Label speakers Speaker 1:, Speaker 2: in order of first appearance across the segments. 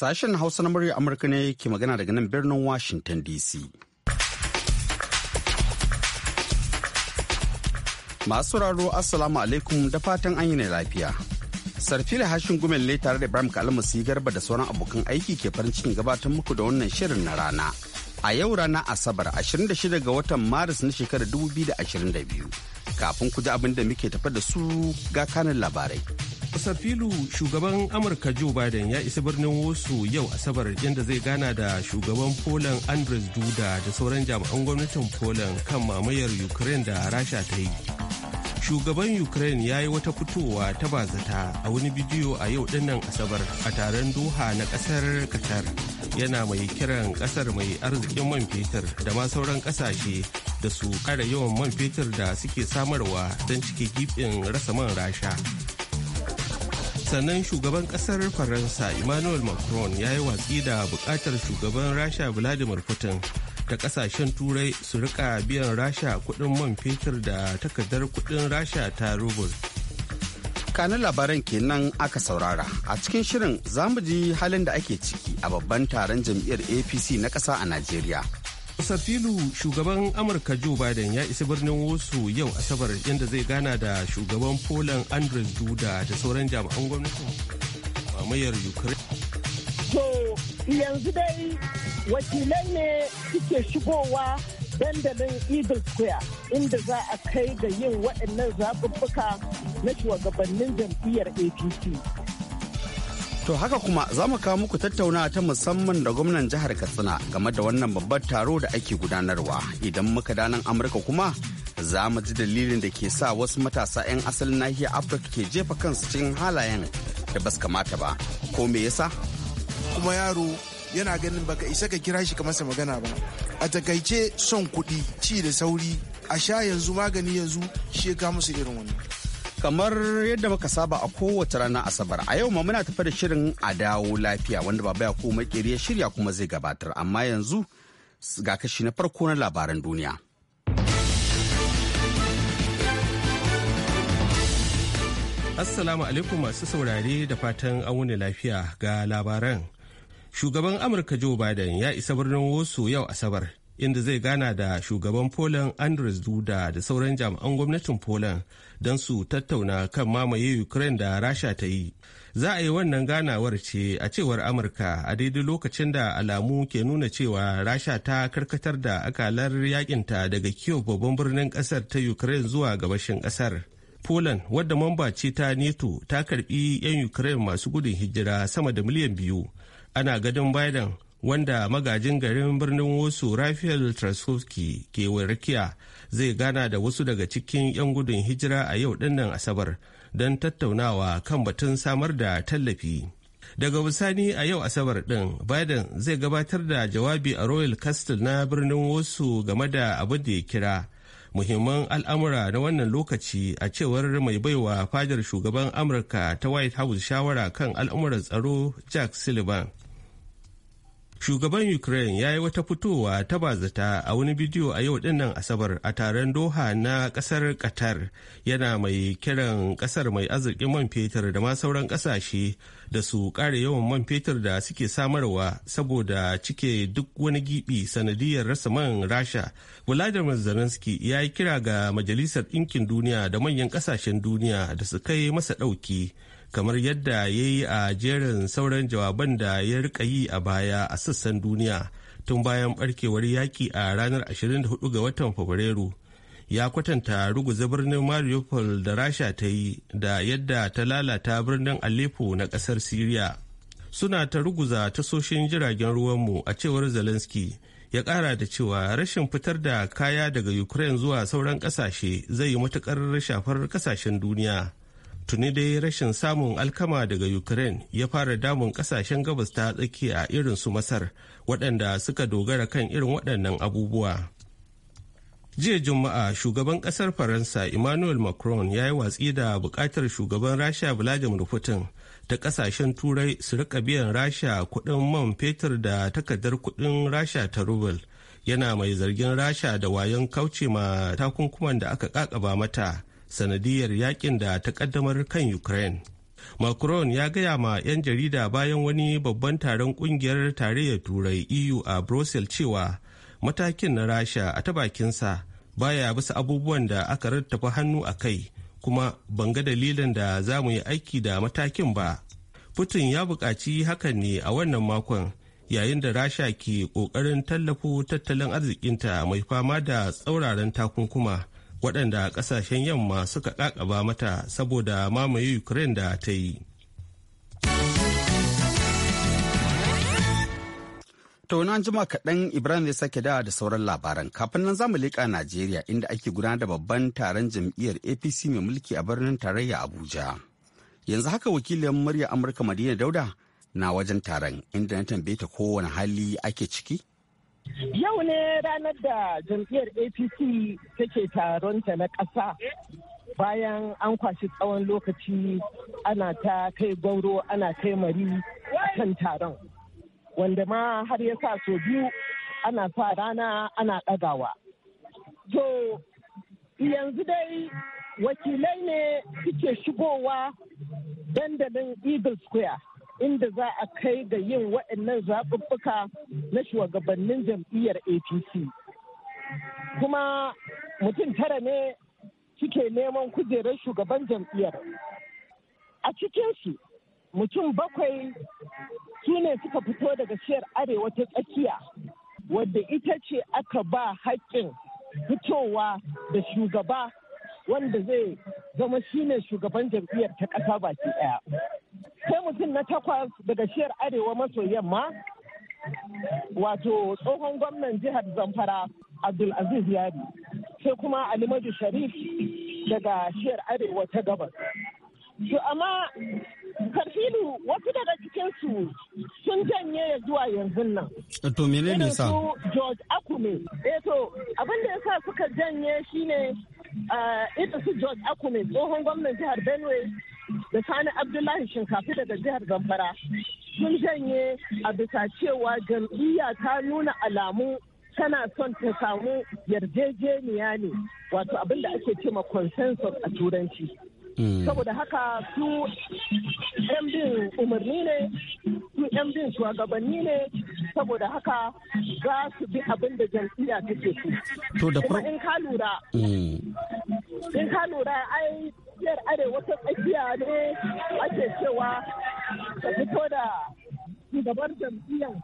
Speaker 1: Sashen Hausa na murya Amurka ne ke magana daga nan birnin Washington DC. Masu raro Assalamu alaikum da fatan an ne lafiya. Sarfila hashin gumin ne tare da Ibrahim Kalmu su garba da sauran abokan aiki ke farin cikin gabatar muku da wannan shirin na rana. A yau rana Asabar 26 ga watan Maris na shekarar 2022. Kafin ku ji abin da muke tafa da su ga kanin labarai.
Speaker 2: filu shugaban Amurka Joe Biden ya isa birnin wasu yau Asabar inda zai gana da shugaban Poland Andres Duda da sauran jami'an gwamnatin Poland kan mamayar Ukraine da Rasha ta yi. Shugaban Ukraine ya yi wata fitowa ta bazata a wani bidiyo a yau dinnan Asabar a taron Doha na kasar Qatar yana mai kiran kasar mai arzikin man fetur da ma sauran kasashe da su kara yawan man fetur da suke samarwa don cike gibin rasa man rasha. sannan shugaban kasar faransa emmanuel macron ya yi watsi da bukatar shugaban rasha vladimir putin da kasashen turai su rika biyan rasha kudin man fetur da takardar kudin rasha ta rubul
Speaker 1: kanin labaran kenan aka saurara a cikin shirin zamu ji halin da ake ciki a babban taron jam'iyyar apc na kasa a najeriya
Speaker 2: filu shugaban Amurka Joe Biden ya isa birnin wasu yau Asabar yadda zai gana da shugaban Poland andrew Duda da sauran jami'an gwamnatin mamayar Ukraine.
Speaker 3: To yanzu dai wakilai ne suke shigowa dandalin Eagle Square inda za a kai ga yin waɗannan zaɓuɓɓuka na shugabannin jam'iyyar APC.
Speaker 1: To haka kuma za mu kawo muku tattaunawa ta musamman da gwamnan jihar Katsina game da wannan babbar taro da ake gudanarwa. Idan muka danan Amurka kuma za mu ji dalilin da ke sa wasu matasa 'yan asalin nahiyar Afirka ke jefa kansu cikin halayen da basu kamata ba. Ko me yasa?
Speaker 4: Kuma yaro yana ganin baka isa ka kira shi ka masa magana ba. A takaice son kuɗi, ci da sauri, a sha yanzu magani yanzu shi ya musu irin wani.
Speaker 1: kamar yadda muka saba a kowace rana asabar a yau ma muna tafi da shirin a dawo lafiya wanda ba ya kuma ya shirya kuma zai gabatar amma yanzu ga kashi na farko na labaran duniya
Speaker 2: assalamu alaikum masu saurare da fatan auni lafiya ga labaran shugaban amurka joe biden ya isa birnin wasu yau asabar inda zai gana da shugaban Poland Andres Duda da sauran jami'an gwamnatin Poland don su tattauna kan mamaye Ukraine da Rasha ta yi. Za a yi wannan ganawar ce a cewar Amurka a daidai lokacin da alamu ke nuna cewa Rasha ta karkatar da akalar yakinta daga Kyiv babban birnin kasar ta Ukraine zuwa gabashin kasar. Poland wadda mamba ce ta neto ta karbi 'yan Ukraine masu gudun hijira sama da miliyan biyu. Ana gadon Biden wanda magajin garin birnin wasu rafael trasovski ke warkiya zai gana da wasu daga cikin 'yan gudun hijira a yau dinnan asabar don tattaunawa kan batun samar da tallafi daga bisani a yau asabar din biden zai gabatar da jawabi a royal castle na birnin wasu game da abu da ya kira muhimman al'amura na wannan lokaci a cewar mai baiwa fadar shugaban amurka ta white house shawara kan al'amuran tsaro jack sullivan shugaban ukraine ya yi wata fitowa ta bazata a wani bidiyo a yau dinnan asabar a taron doha na kasar qatar yana mai kiran kasar mai arzikin man fetur da ma sauran kasashe da su kare yawan man fetur da suke samarwa saboda cike duk wani gibi sanadiyar rasa man rasha vladimir zelensky ya yi kira ga majalisar ɗinkin duniya da manyan kasashen duniya da su kai masa ɗauki. kamar yadda ya yi a jerin sauran jawaban da ya rika yi a baya a sassan duniya tun bayan barkewar yaki a ranar 24 ga watan fabrairu ya kwatanta ruguza birnin mariupol da rasha ta yi da yadda ta lalata birnin aleppo na ƙasar syria suna ta ruguza tasoshin jiragen ruwanmu a cewar zelensky ya ƙara da cewa rashin fitar da kaya daga ukraine zuwa sauran ƙasashe zai yi matuƙar shafar ƙasashen duniya tuni dai rashin samun alkama daga ukraine ya fara damun kasashen gabas ta tsakiya irin su masar waɗanda suka dogara kan irin waɗannan abubuwa jiya juma'a shugaban kasar faransa emmanuel macron ya yi watsi da buƙatar shugaban rasha vladimir putin ta kasashen turai su rika biyan rasha kuɗin man fetur da takardar kuɗin rasha ta rubel yana mai zargin rasha da wayan kauce ma takunkuman da aka kakaba mata sanadiyar yakin da ta kaddamar kan ukraine macron ya gaya ma 'yan jarida bayan wani babban taron kungiyar tarayyar turai eu a brussels cewa matakin na rasha a ta bakinsa baya bisa abubuwan da aka rattafa hannu a kai kuma ban ga dalilin da za mu yi aiki da matakin ba putin ya buƙaci hakan ne a wannan makon yayin da rasha ke ƙoƙarin tallafo tattalin arzikinta mai fama da tsauraran takunkuma waɗanda ƙasashen yamma suka ƙaƙaba mata
Speaker 1: saboda mamaye ukraine da ta yi ta wani jima kaɗan ibrahim ya sake dawa da sauran labaran kafin nan zamu leƙa najeriya inda ake gudanar da babban taron jam'iyyar apc mai mulki a birnin tarayya abuja yanzu haka wakilin murya amurka madina dauda na wajen taron inda na tambaye ta kowane hali ake ciki
Speaker 3: Yau ne ranar da jam'iyyar APC take taronta na ƙasa bayan an kwashi tsawon lokaci ana ta kai gauro ana kai mari kan taron. Wanda ma har ya sa so biyu ana sa rana ana ɗagawa. To yanzu dai wakilai ne suke shigowa dandalin Eagle Square. inda za a kai ga yin waɗannan zaɓuɓɓuka na shugabannin jam'iyyar apc kuma mutum tara ne suke neman kujerar shugaban jam'iyyar a cikinsu mutum bakwai su ne suka fito daga shiyar arewa ta tsakiya wadda ita ce aka ba haƙƙin fitowa da shugaba wanda zai zama shine shugaban jam'iyyar ta ƙasa baki ɗaya sai mutum na takwas daga shiyar arewa maso yamma wato tsohon gwamnan jihar zamfara abdulaziz yari sai kuma alimadu sharif daga shiyar arewa ta gabas to amma karfilu wasu daga cikinsu sun janye ya zuwa yanzu nan
Speaker 1: to mene ne sa
Speaker 3: george akume eh to abin da sa suka janye shine ah, ita su george akume tsohon gwamnan jihar benue da sani abdullahi shinkafi daga jihar zamfara sun janye a bisa cewa jam'iyya ta nuna alamu tana son ta samu yarjejeniya ne wato abinda ake cewa consensus a turanci mm. saboda haka su yan bin umarni ne su yan bin shugabanni ne saboda haka za su bi abin da jam'iyya take so. kuma in ka lura mm. in ka lura ai jam'iyyar arewa ta tsakiya ne ake cewa ta fito da shugabar jam'iyyar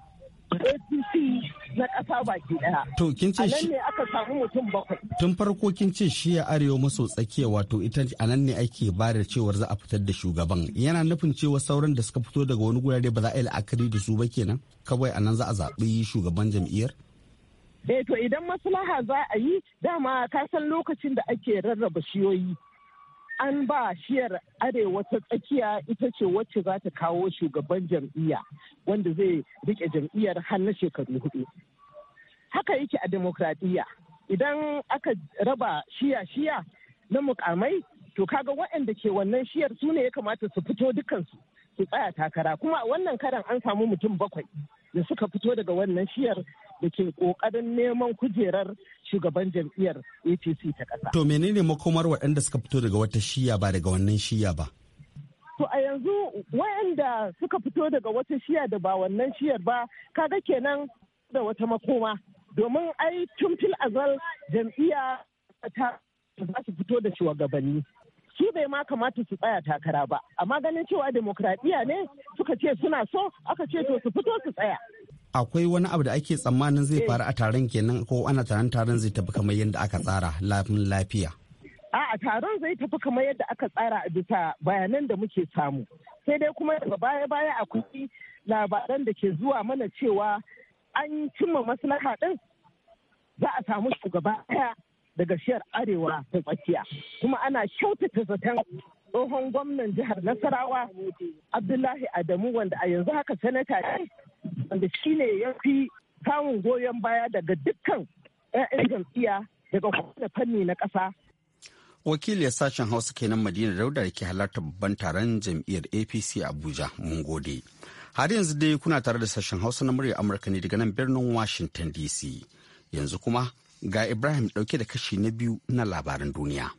Speaker 3: APC na ƙasa baki ɗaya. To kin ce shi ne aka samu mutum bakwai.
Speaker 1: Tun farko kin ce shi ya arewa maso tsakiya wato ita a nan ne ake ba da cewar za a fitar da shugaban. Yana nufin cewa sauran da suka fito daga wani gurare ba za a yi la'akari da su ba kenan kawai a nan za a zaɓi shugaban jam'iyyar.
Speaker 3: Eh to idan maslaha za a yi dama ka san lokacin da ake rarraba shiyoyi an ba shiyar arewa ta tsakiya ita ce wacce za ta kawo shugaban jam'iyya wanda zai rike jam'iyyar har na shekaru hudu haka yake a demokradiyya idan aka raba shiya-shiya na mukamai to kaga waɗanda ke wannan shiyar su ne ya kamata su fito dukansu su tsaya takara kuma a wannan karan an samu mutum bakwai da suka fito daga wannan shiyar da ke kokarin neman kujerar shugaban jam'iyyar apc ta ƙasa.
Speaker 1: to menene makomar waɗanda suka fito daga wata shiya ba daga wannan shiya ba
Speaker 3: to a yanzu waɗanda suka fito daga wata shiya da ba wannan shiyar ba kaga kenan da wata makoma domin ai tun fil azal jam'iyya ta za su fito da shugabanni su bai ma kamata su tsaya takara ba amma ganin cewa demokradiyya ne suka ce suna so aka ce to su fito su tsaya
Speaker 1: akwai wani abu da ake tsammanin zai faru a taron kenan ko ana taron taron zai tafi kamar yadda aka tsara lafin lafiya
Speaker 3: a taron zai tafi kamar yadda aka tsara a bisa bayanan da muke samu sai dai kuma daga baya baya akwai labaran da ke zuwa mana cewa an cimma maslaha din za a samu shugaba ɗaya daga shiyar arewa ta tsakiya kuma ana kyautata zaton tsohon gwamnan jihar nasarawa abdullahi adamu wanda a yanzu haka sanata ne wanda shine ya fi samun goyon baya daga dukkan 'ya'yan jam'iyya daga kowane fanni na ƙasa
Speaker 1: ya sashen hausa kenan madina dauda da ke halarta babban taron jam'iyyar apc abuja mun gode har yanzu dai kuna tare da sashen hausa na murya amurka ne daga nan birnin washington dc yanzu kuma Ga Ibrahim dauke da kashi na biyu na labaran duniya.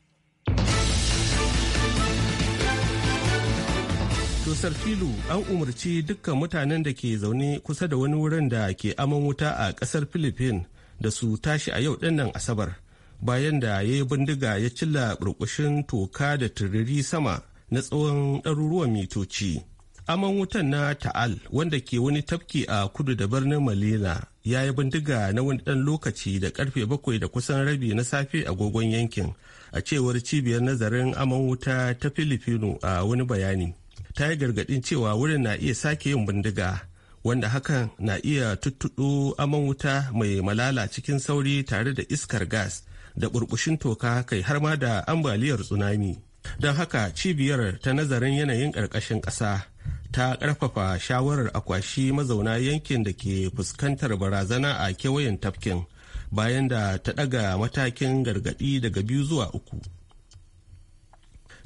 Speaker 2: Tusar filu an umarci dukkan mutanen da ke zaune kusa da wani wurin da ke aman wuta a kasar Philippines da su tashi a yau dinnan Asabar bayan da ya yi bindiga ya cilla burkushin toka da turiri sama na tsawon ɗaruruwan mitoci. aman wutan na ta'al wanda ke wani tafki a kudu da birnin malina ya yi bindiga na wani dan lokaci da karfe bakwai da kusan rabi na safe agogon yankin a cewar cibiyar nazarin aman wuta ta filifino a wani bayani ta yi gargadin cewa wurin na iya sake yin bindiga wanda hakan na iya tuttuɗo aman wuta mai malala cikin sauri tare da iskar gas da burbushin toka kai har ma da ambaliyar tsunami don haka cibiyar ta nazarin yanayin ƙarƙashin ƙasa ta karfafa shawarar akwashi mazauna yankin da ke fuskantar barazana a kewayen tafkin bayan da ta daga matakin gargadi daga biyu zuwa uku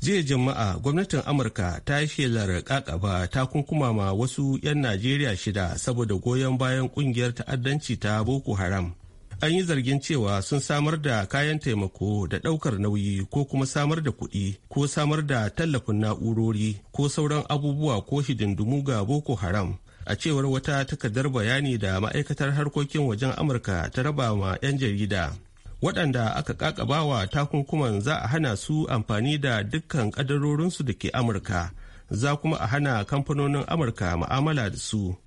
Speaker 2: jiya jama'a gwamnatin amurka ta yi shelar kakaba ta kunkuma ma wasu 'yan najeriya shida saboda goyon bayan kungiyar ta'addanci ta boko haram an yi zargin cewa sun samar da kayan taimako da ɗaukar nauyi ko kuma samar da kuɗi ko samar da tallafin na'urori ko sauran abubuwa ko hidindumu ga boko haram a cewar wata takardar bayani da ma'aikatar harkokin wajen amurka ta raba ma 'yan jarida waɗanda aka ƙaƙabawa takunkuman za a hana su amfani da dukkan ƙadarorinsu da ke amurka za kuma a hana kamfanonin amurka ma'amala da su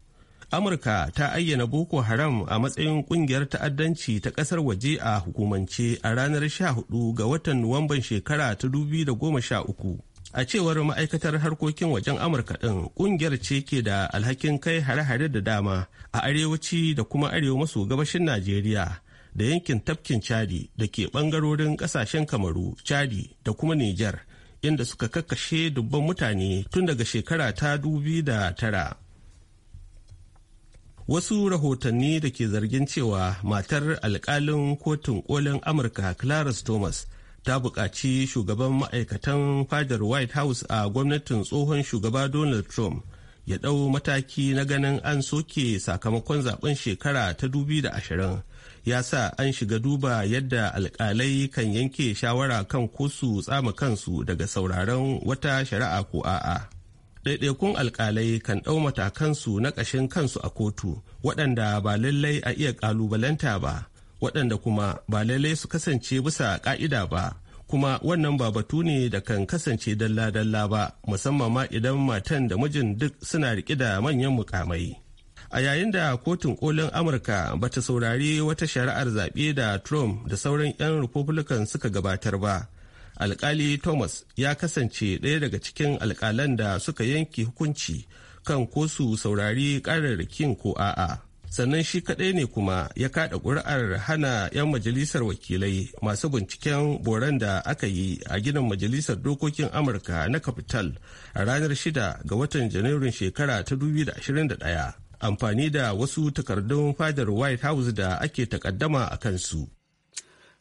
Speaker 2: amurka ta ayyana boko haram a matsayin kungiyar ta'addanci ta kasar waje a hukumance a ranar 14 ga watan nuwamban shekara ta 2013 a cewar ma'aikatar harkokin wajen amurka ɗin kungiyar ce ke da alhakin kai hare-hare da dama a arewaci da kuma arewa maso gabashin najeriya da yankin tafkin chadi da ke bangarorin kasashen kamaru chadi da kuma niger inda suka kakkashe dubban mutane tun daga shekara ta tara. wasu rahotanni da ke zargin cewa matar alkalin kotun kolin amurka clarence thomas ta buƙaci shugaban ma'aikatan fadar white house a gwamnatin tsohon shugaba donald trump ya ɗau mataki na ganin an soke sakamakon zaben shekara ta dubi da ashirin ya sa an shiga duba yadda alkalai kan yanke shawara kan ko su tsama kansu daga sauraron wata shari'a ko a'a. ɗaiɗaikun alkalai kan ɗau matakansu na ƙashin kansu a kotu waɗanda ba lallai a iya ƙalubalanta ba waɗanda kuma ba lallai su kasance bisa ƙa'ida ba kuma wannan ba batu ne da kan kasance dalla-dalla ba musamman ma idan matan da mijin duk suna riƙe da manyan mukamai. a yayin da kotun kolin amurka bata saurari wata shari'ar zaɓe da trump da sauran 'yan republican suka gabatar ba alkali thomas ya kasance ɗaya daga cikin alkalan da suka yanke hukunci kan ko su saurari kararrakin ko a'a sannan shi kaɗai ne kuma ya kaɗa ƙuri'ar hana 'yan majalisar wakilai masu binciken boran da aka yi a ginin majalisar dokokin amurka na capital a ranar 6 ga watan janairun shekara ta 2021
Speaker 1: amfani da wasu takardun fadar white house da ake takaddama a kansu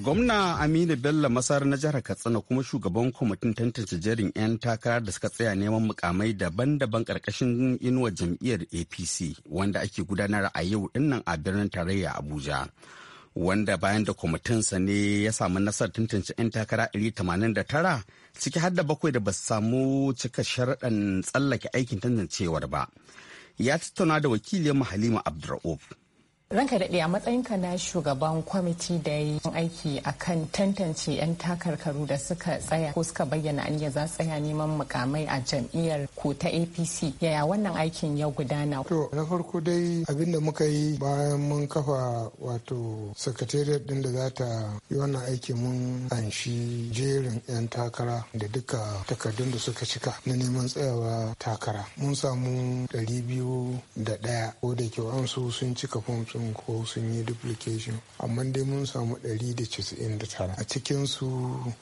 Speaker 1: Gwamna Aminu Bello Masar na jihar Katsina kuma shugaban kwamitin tantance jerin 'yan takara da suka tsaya neman mukamai daban-daban karkashin inuwar jam'iyyar APC wanda ake gudanar a yau dinnan a birnin tarayya Abuja. Wanda bayan da kwamitinsa ne ya samu nasarar tantance 'yan takara tara. ciki har da bakwai da ba su samu cika sharaɗan tsallake aikin tantancewar ba. Ya tattauna da wakiliyar Halima Abdur'uf.
Speaker 3: ranka daɗe a matsayinka na shugaban kwamiti da yi aiki a kan tantance 'yan takarkaru da suka tsaya ko suka bayyana anya za tsaya neman mukamai a jam'iyyar ku ta apc yaya wannan aikin ya gudana
Speaker 4: to na farko dai abinda muka yi bayan mun kafa wato sakatariyar din da za ta yi wannan aiki mun anshi jerin 'yan takara da duka takardun da suka cika na neman tsayawa takara mun samu ɗari biyu da ɗaya ko da sun cika fom ɗin ko sun yi duplication amma dai mun samu 199 a cikin su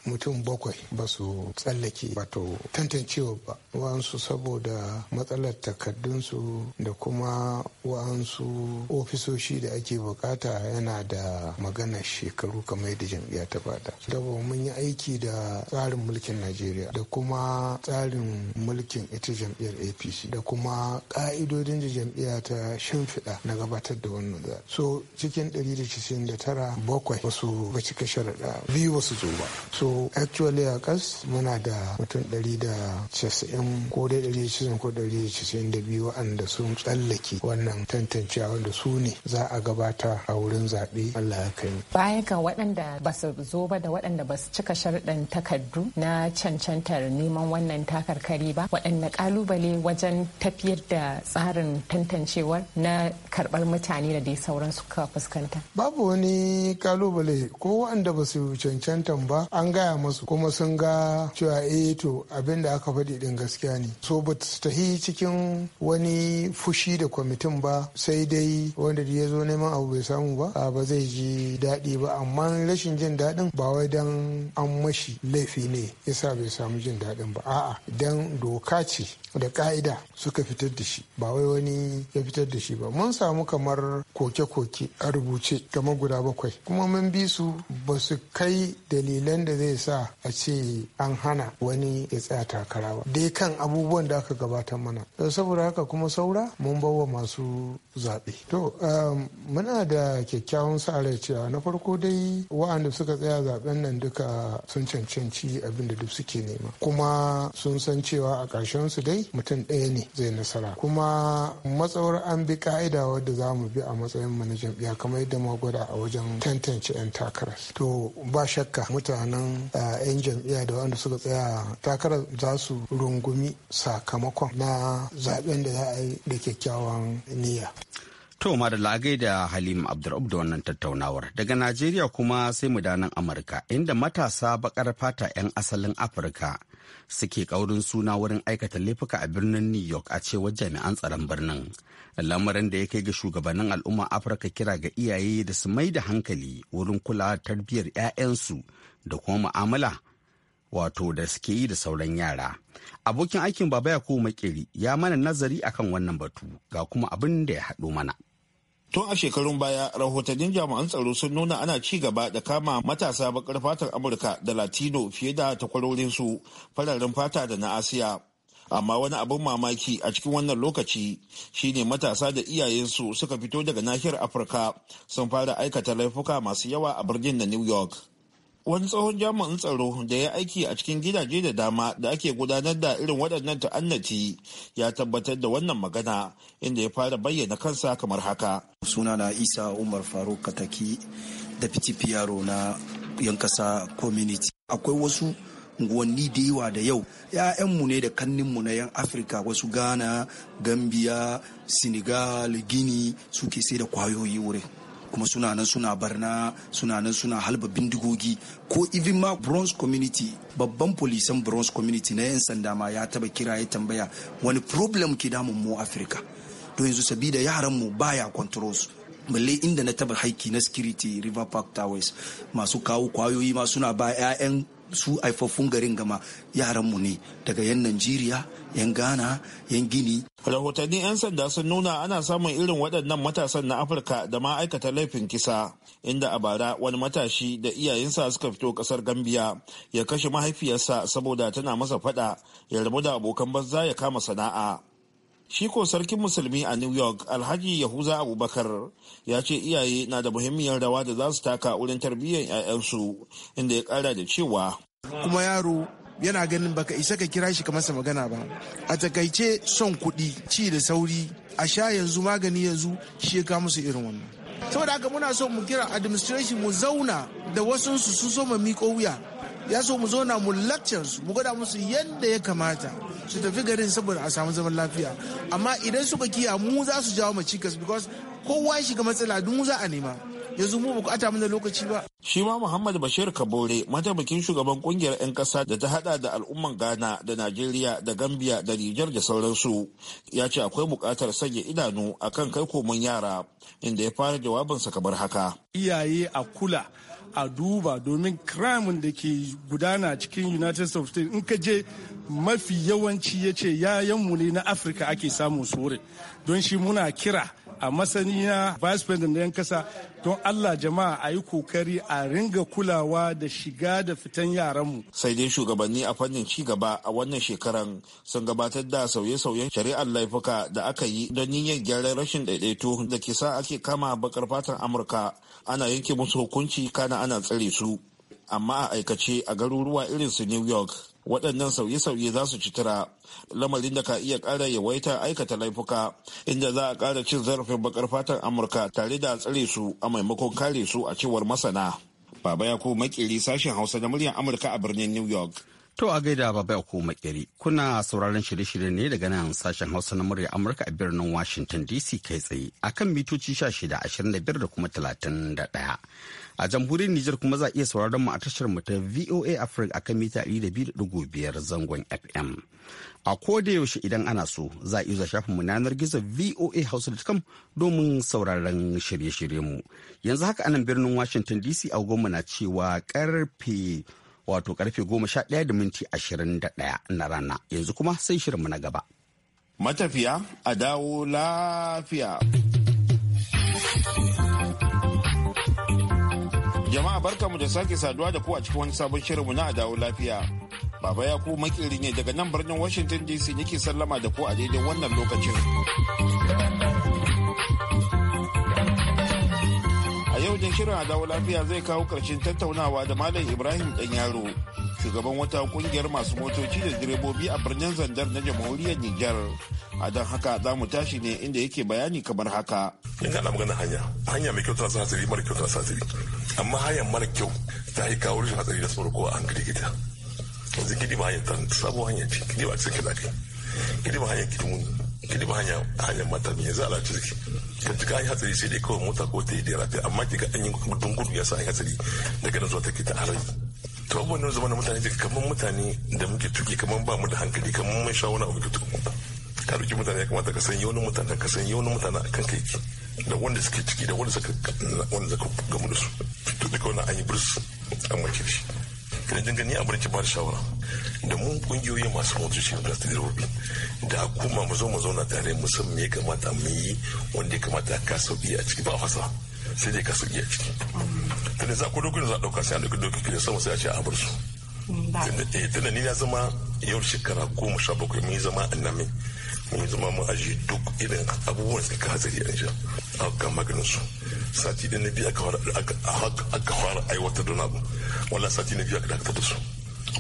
Speaker 4: mutum bakwai ba su tsallake wato tantancewa ba wa'ansu saboda matsalar takardunsu da kuma wa'ansu ofisoshi da ake bukata yana da magana shekaru kamar da jam'iyya ta bada saboda mun yi aiki da tsarin mulkin najeriya da kuma tsarin mulkin ita jam'iyyar apc da kuma ka'idodin da jam'iyya ta shimfiɗa na gabatar da wannan biyar so cikin ɗari da da tara bakwai wasu ba cika sharaɗa biyu wasu zo ba so actually a kas muna da mutum ɗari da ko dai ɗari da ko ɗari da da biyu waɗanda sun tsallake wannan tantance wanda su ne za a gabata a wurin zaɓe Allah ya kai
Speaker 3: baya ga waɗanda ba su zo ba da waɗanda ba su cika sharaɗan takardu na cancantar neman wannan takarkari ba waɗanda ƙalubale wajen tafiyar da tsarin tantancewar na karɓar mutane da dai sauran suka
Speaker 4: fuskanta babu wani kalubale ko waɗanda ba su cancantan ba an gaya masu kuma sun ga cewa eh, to abin da aka faɗi ɗin gaskiya ne so ba su tahi cikin wani fushi da kwamitin ba sai dai wanda ya zo neman abu bai samu ba ba zai ji daɗi ba amma rashin jin daɗin ba wai dan an mashi laifi ne yasa bai samu jin daɗin ba a'a dan doka ce da ka'ida suka fitar da shi ba wai wani ya fitar da shi ba mun samu kamar ko koke-koke a rubuce game guda bakwai kuma mun bi su ba su kai dalilan da zai sa a ce an hana wani ya tsaya takara ba dai kan abubuwan da aka gabata mana saboda haka kuma saura mun bawa masu zaɓe to um, muna da kyakkyawan sa'arai cewa na farko dai wa'anda suka tsaya zaɓen nan duka sun cancanci abin da duk suke nema kuma sun san cewa a ƙarshen su dai mutum ɗaya ne zai nasara kuma matsawar an bi ka'ida wadda za mu bi a matsayin mu na jam'iyya kamar yadda mu gwada a wajen tantance 'yan takara to ba shakka mutanen 'yan eh, jam'iyya da wanda suka tsaya takarar za su rungumi sakamakon na zaben da za a yi da kyakkyawan niyya
Speaker 1: To Madalla lagai da Halim Abdur'ub da wannan tattaunawar. Daga Najeriya kuma sai mu danan Amurka inda matasa bakar fata 'yan asalin Afirka suke kaurin suna wurin aikata laifuka a birnin new york a cewar jami'an tsaron birnin lamarin da ya kai ga shugabannin al'umma afirka kira ga iyaye da su mai da hankali wurin kula tarbiyyar 'ya'yansu da kuma mu'amala wato da suke yi da sauran yara abokin aikin baba yakubu makeri ya mana nazari akan wannan batu ga kuma abin da ya haɗo mana
Speaker 5: Tun a shekarun baya rahotannin jami'an tsaro sun nuna ana ci gaba da kama matasa baƙar fatar Amurka da Latino fiye da takwarorinsu fararen fata da na Asiya. Amma wani abin mamaki a cikin wannan lokaci shine matasa da iyayensu suka fito daga nahiyar Afirka sun fara aikata laifuka masu yawa a birnin na New York. wani tsohon jami'in tsaro da ya aiki a cikin gidaje da dama da ake gudanar da irin waɗannan ta'annaci ya tabbatar da wannan magana inda ya fara bayyana kansa kamar haka suna na isa
Speaker 1: umar faruk kataki da na yan kasa community akwai wasu unguwanni da yawa da yau ‘ya'yanmu ne da kanninmu na yan afirka wasu ghana gambia senegal gini suke sai da kwayoyi wurin kuma suna nan suna barna suna nan suna halba bindigogi ko even ma bronze community babban polisan bronze community na 'yan sanda ma ya taba kira ya tambaya wani problem ke damun mu afirka to yanzu sabida yaran mu baya controls balle inda na taba haiki na security river park towers masu kawo kwayoyi ma suna ba 'ya'yan
Speaker 5: su haifaffun garin gama yaran mu ne daga yan Najeriya, yan Ghana, yan Gini. Rahotanni 'yan sanda sun nuna ana samun irin waɗannan matasan na Afirka da ma laifin kisa, inda a bara wani matashi da iyayensa suka fito ƙasar Gambiya ya kashe mahaifiyarsa saboda tana masa faɗa ya rabu da abokan banza ya kama sana'a. Shi ko sarkin musulmi a New York Alhaji Yahuza Abubakar ya ce iyaye na da muhimmiyar rawa da za su taka wurin tarbiyyar 'ya'yansu inda ya kara da cewa.
Speaker 6: Kuma
Speaker 4: yaro yana ganin baka isa ka kira shi ka masa magana ba a takaice son kuɗi ci da sauri a sha yanzu magani yanzu shi ya musu irin wannan saboda haka muna so mu kira administration mu zauna da wasu su so mu miko wuya ya so mu zauna mu laccan su mu gwada musu yadda ya kamata su tafi garin saboda a samu zaman lafiya amma idan suka kiya mu za su jawo mu cikas because kowa shiga matsala duk mu za a nema yanzu mu ba ata mana lokaci ba.
Speaker 5: Shi ma Muhammad Bashir Kabore mataimakin shugaban kungiyar 'yan kasa da ta hada da al'umman Ghana da Najeriya da Gambia da Nijar da sauransu ya ce akwai bukatar sanya idanu akan kai komon yara inda ya fara jawabinsa kamar haka.
Speaker 2: Iyaye a kula a duba domin kramin da ke gudana cikin united states in ka je mafi yawanci ya ce yayanmu ne na afirka ake samun su don shi muna kira a masani na vice president na yan kasa don allah jama'a a yi kokari a ringa kulawa da shiga da fitan yaranmu
Speaker 5: sai dai shugabanni a fannin ci gaba a wannan shekaran sun gabatar da sauye-sauyen shari'ar laifuka da aka yi don niyyar gyaran rashin daidaito da ke sa ake kama bakar fatan amurka ana yanke musu hukunci kana ana tsare su amma a aikace a garuruwa irin su new york waɗannan sauye-sauye za su ci tura lamarin da ka iya ƙara yawaita aikata laifuka inda za a ƙara cin zarafin bakar fatan amurka tare da tsare su a maimakon kare su a cewar masana baba ya ko makiri sashen hausa da muryar amurka a birnin new york
Speaker 1: To a gaida baba ya koma makeri kuna sauraron shirye-shirye ne daga nan sashen Hausa na murya Amurka a birnin Washington DC kai tsaye a kan mitoci shida ashirin da kuma 31. a jamhuriyar Nijar kuma za a iya sauraron mu a tashar mu ta VOA Africa akan mita 200.5 zangon FM. A koda yaushe idan ana so za a iya shafin mu yanar gizo voa voahouse.com domin sauraron shirye-shiryen mu. Yanzu haka anan birnin Washington DC a na cewa karfe wato karfe goma sha ɗaya da minti ashirin da ɗaya na rana yanzu kuma sai shirinmu na gaba.
Speaker 5: Matafiya a dawo lafiya. Jama'a barkamu da sake saduwa da ku a cikin wani sabon shirinmu na a dawo lafiya. Baba ya ku makiri ne daga nan birnin Washington DC nake sallama da ku a daidai wannan lokacin. sojin shirin a dawo lafiya zai kawo ƙarshen tattaunawa da Malam Ibrahim dan yaro. Shugaban wata kungiyar masu motoci da direbobi a birnin Zandar na jamhuriyar Nijar. A don haka za mu tashi ne inda yake bayani kamar haka.
Speaker 6: In ana magana hanya, hanya mai kyau tana sa hatsari mara kyau tana sa hatsari. Amma hanya mara kyau ta yi kawo rashin hatsari da tsoro ko a hankali gida. Yanzu gidi ma hanyar ta sabuwar hanya ce, gidi ba a cikin kiɗa ne Gidi ma hanyar gidi mun. ki ba hanya hanya mata mai yanzu ala ciki ka tuka kai hatsari sai dai kawai mota ko ta yi da rafi amma kiga an yi mutum gudu ya sa an hatsari daga ganin zuwa take ta arai to abubuwan nan zama na mutane da kamar mutane da muke tuki kamar ba mu da hankali kamar mun sha wani abu muke tuki ka ɗauki mutane ya kamata ka san yaunin mutane ka san yawan mutane akan kai da wanda suke ciki da wanda suka gamu da su to duka wani an yi burus an mace shi kina jin gani abin ki ba da shawara da mun kungiyoyi masu motoci da su direbobi da kuma mu zo mu zauna tare mu san me ya kamata mu yi wanda ya kamata ka sauki a ciki ba fasa sai dai ka sauki a ciki tunda za ku dokokin za a dauka sai a dauki dokokin da sama sai a ce a bar su eh, tunda ni na zama yau shekara goma sha bakwai mun yi zama annami mun yi zama mun aji duk irin abubuwan da ka hazari an sha a kan maganin su sati da na biyu aka fara aiwatar da na abu wannan sati na biyu a dakatar da su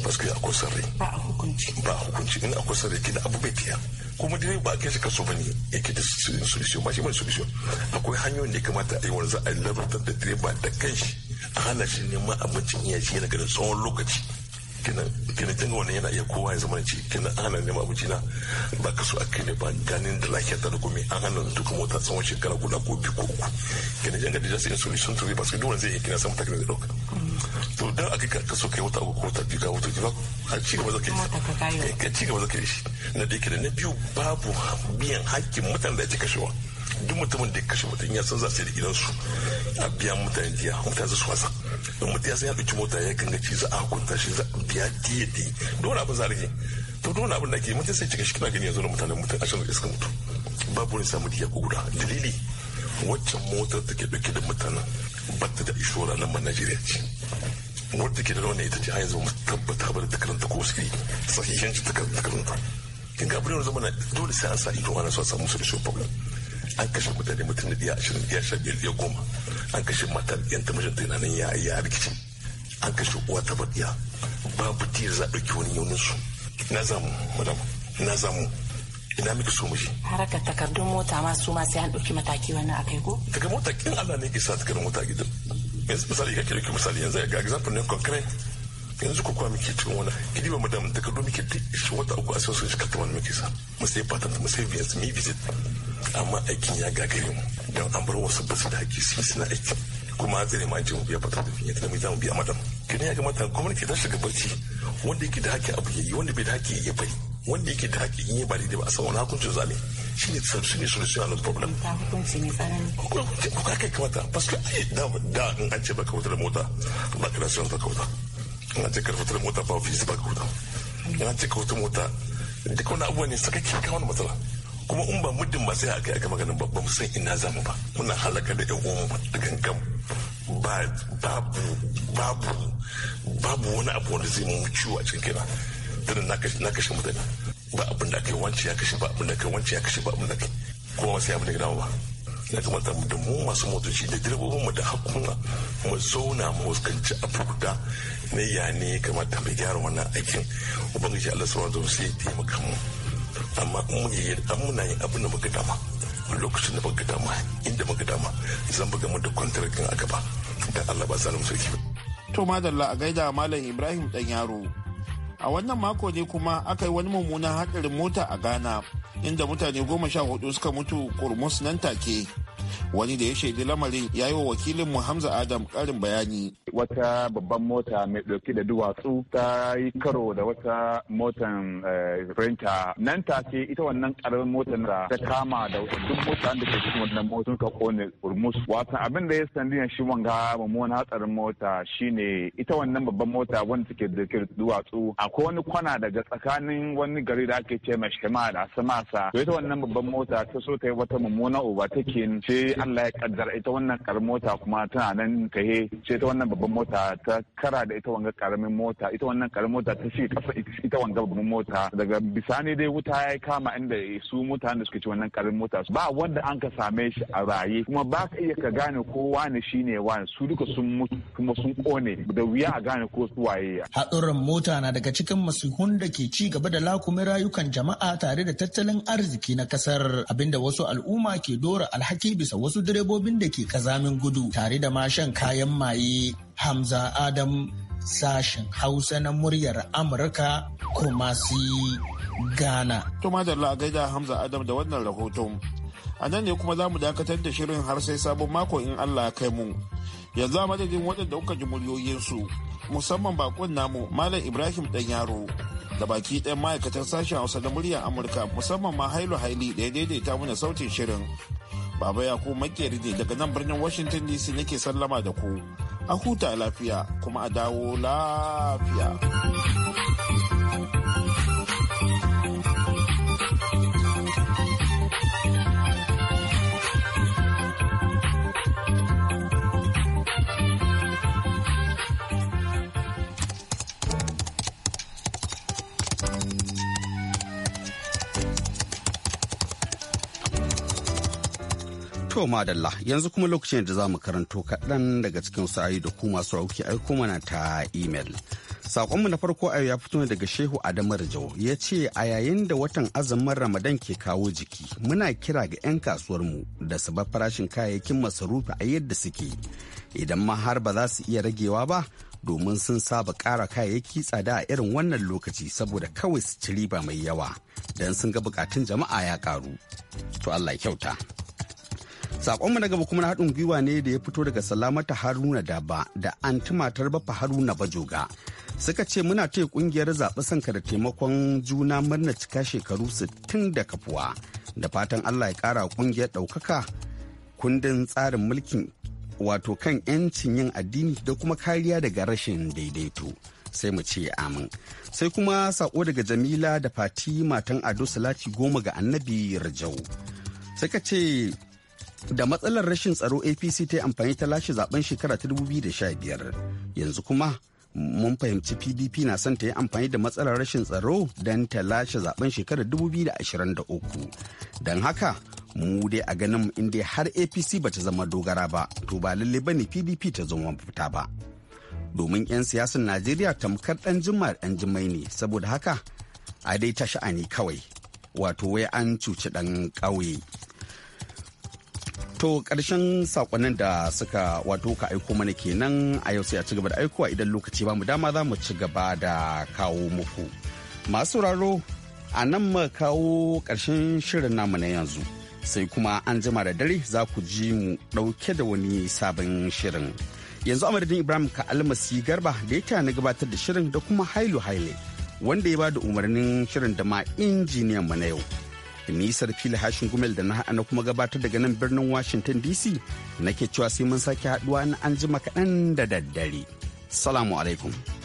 Speaker 6: parce que akwai sarri ba a hukunci ba a hukunci in akwai sarri kina abu bai fiya kuma dai ba ke shi kaso bane yake da solution ba shi mai solution akwai hanyoyin da kamata a yi wani za a labartar da direba da kanshi a hana shi neman abincin yaji na garin tsawon lokaci kenan kenan kin wannan yana iya kowa ya zama ci kenan an hana neman abinci na ba ka so a kai ne ba ganin da lafiya ta da komai an hana da duka mota tsawon shekara guda ko biyu ko uku kenan jan gadi jasu sun to ba su duwan zai yi kina san matakin da dauka to dan aka ka so kai wata uku ko wata biyu ka wata ba a ci gaba zaka yi ka ci gaba zaka eh, yi shi na da kenan na biyu babu biyan hakkin mutanen da ya ake kashewa duk mutumin da ya kashe mutum ya san za su yi da gidansu a biyan mutane jiya mutane su wasa in mutum ya san ya ɗauki mota ya kan gaci za a hukunta shi za a biya diyadi dole abin za to dole abin da ke mutum sai cika shi kana gani zo da mutane mutum ashirin shan iska mutu babu wani samu diya ko guda dalili waccan motar take ɗauke da mutanen ta da ishora nan ma najeriya ce wadda ke da rauni ita ce a yanzu mu tabbata ba da takaranta ko su yi sahihanci takaranta kin ga abin zama na dole sai an sa ido ana so a samu solution problem an kashe mutane mutum na diya ashirin diya sha biyar diya goma an kashe matar yan ta mijinta yana nan ya ya rikici an kashe uwa ta baɗiya babu tiyar za a ɗauki wani yaunin su na zamu madam na zamu ina miki so mishi
Speaker 3: haraka takardun mota ma su ma sai an ɗauki mataki wannan kai ko
Speaker 6: daga mota kin Allah ne ke sa takardun mota gidan yanzu misali ka ki misali yanzu ga example ne concrete yanzu ku kuwa muke cikin wani kidi ba madam takardu muke duk wata uku a sai su shi karta wani muke sa mu sai patent mu sai biyan su mi visit amma aikin ya gagare mu don an bar wasu basu da haƙƙi su suna aiki kuma zai ma jin biya fata da fiye tana mai zamu biya madam kina ya kamata gwamnati ta shiga barci wanda yake da haƙƙi abu yayi wanda bai da haƙƙi ya bari wanda yake da haƙƙi in bari da ba a san wani hukuncin zane. shi ne tsarsu ne solution on problem hukunci ne tsanani hukunci ko kai kamata ne da da in an ce baka da mota ba ka da son baka wuta in an ce ka da mota ba ofis baka wuta in an ce ka mota duk wani abubuwa ne sakaki kawo matsala kuma in ba muddin ba sai aka aka maganin babban san ina zamu ba muna halaka da yan uwan da gangan ba babu babu babu wani abu wanda zai mu ciwo a cikin kina tunda na kashe mutane ba abin da kai yi wance ya kashe ba abin da kai yi wance ya kashe ba abin da kai yi kowa sai abin da gina ba ya kamata mu da mu masu motoci da direbobin mu da hakuna mu zauna mu fuskanci abu guda na ya ne kamata mu gyara wannan aikin ubangiji Allah subhanahu wa ta'ala sai ya taimaka mu amma in mun yi an muna yin abin da muka dama lokacin da muka dama inda muka dama zan buga mu da kwantarakin a gaba da Allah ba zalim sarki
Speaker 5: to madalla a gaida malam Ibrahim dan yaro a wannan mako ne kuma aka yi wani mummunan hadarin mota a Ghana inda mutane goma sha hudu suka mutu kurmus nan take wani da ya shaidi lamarin ya yi wa wakilin mu hamza adam karin bayani wata babban mota mai dauke da duwatsu ta yi karo da wata motan eh, renta nan take ita wannan karamin motan da ta kama da duk mota da ke cikin wannan motan ka kone urmus wata abin da ya sandiyan shi wanga mummuna hatsarin mota shine ita wannan babban mota wanda take da duwatsu akwai wani kwana daga tsakanin wani gari da ake ce mai shema da samasa to ita wannan babban mota ta so ta yi wata mummuna ubatakin ce Allah ya kaddara ita wannan karamin mota kuma tana nan tahe ce ta wannan babban mota ta kara da ita wanga karamin mota ita wannan karamin mota ta shi kasa ita wanga babban mota daga bisani dai wuta ya kama inda su mutanen da suka ci wannan karamin mota ba wanda an ka same shi a raye kuma ba ka iya ka gane ko wani shine wani su duka sun mutu kuma sun kone da wuya a gane ko su waye
Speaker 3: hadurran
Speaker 1: mota na daga cikin masihun da ke ci gaba da lakumin rayukan jama'a tare da tattalin arziki na kasar abinda wasu al'umma ke dora alhaki bisa wasu direbobin da ke kazamin gudu tare da mashan kayan maye Hamza Adam sashen Hausa na muryar Amurka Kumasi Ghana.
Speaker 5: To madalla gaida Hamza Adam da wannan rahoton. A nan ne kuma za mu dakatar da shirin har sai sabon mako in Allah ya kai mu. Yanzu a madadin wadanda kuka ji muryoyinsu musamman bakon namu Malam Ibrahim dan yaro. da baki ɗayan ma'aikatar sashen hausa da muryar amurka musamman ma hailu haili da ya daidaita mana sautin shirin Baba Yakubu makeri ne daga nan birnin Washington DC nake sallama da ku. A huta lafiya kuma a dawo lafiya.
Speaker 1: To madalla yanzu kuma lokacin da za mu karanto kaɗan daga cikin sa'ayi da kuma su auki aiko mana ta imel. saƙonmu na farko a ya fito daga Shehu Adamu Jau ya ce a yayin da watan azumin Ramadan ke kawo jiki muna kira ga 'yan kasuwarmu da su bar farashin kayayyakin masarufi a yadda suke idan ma har ba za su iya ragewa ba domin sun saba ƙara kayayyaki tsada a irin wannan lokaci saboda kawai su ci riba mai yawa don sun ga bukatun jama'a ya ƙaru. To Allah kyauta. Sakonmu na gaba kuma na haɗin gwiwa ne da ya fito daga Salamata Haruna da ba da anti matar Bafa Haruna ba Bajoga. Suka ce muna taya kungiyar zaɓi sanka da taimakon juna murna cika shekaru sittin da kafuwa. Da fatan Allah ya ƙara kungiyar ɗaukaka kundin tsarin mulkin wato kan 'yancin yin addini da kuma kariya daga rashin daidaito sai mu ce amin sai kuma sako daga jamila da fati matan ado salati goma ga annabi rajau suka ce da matsalar rashin tsaro apc ta yi amfani ta lashe zaben shekara ta 2015 yanzu kuma mun fahimci pdp na son ta yi amfani da matsalar rashin tsaro don ta lashe zaben shekara da 2023 don haka mu dai a ganin inda har apc ba ta zama dogara ba to ba lalle ba ne pdp ta zama mafita ba domin 'yan siyasar najeriya tamkar dan jimma dan jimai ne saboda haka a dai ta sha'ani kawai wato wai an cuci dan ƙauye To ƙarshen sakonnin da suka wato ka aiko mana kenan a yau sai a ci gaba da aikowa idan lokaci ba mu dama za mu ci gaba da kawo muku. Masu raro a nan ma kawo ƙarshen shirin namu na yanzu. Sai kuma an jima da dare za ku ji mu ɗauke da wani sabon shirin. Yanzu a madadin Ibrahim ka almasi garba da ya na gabatar da shirin da kuma hailu haile wanda ya ba da umarnin shirin da ma injiniyan mu na yau. Nisar fili hashin gumel da na na kuma gabatar daga nan birnin Washington DC nake cewa sai mun sake haduwa na an jima kaɗan da daddare. Salamu alaikum.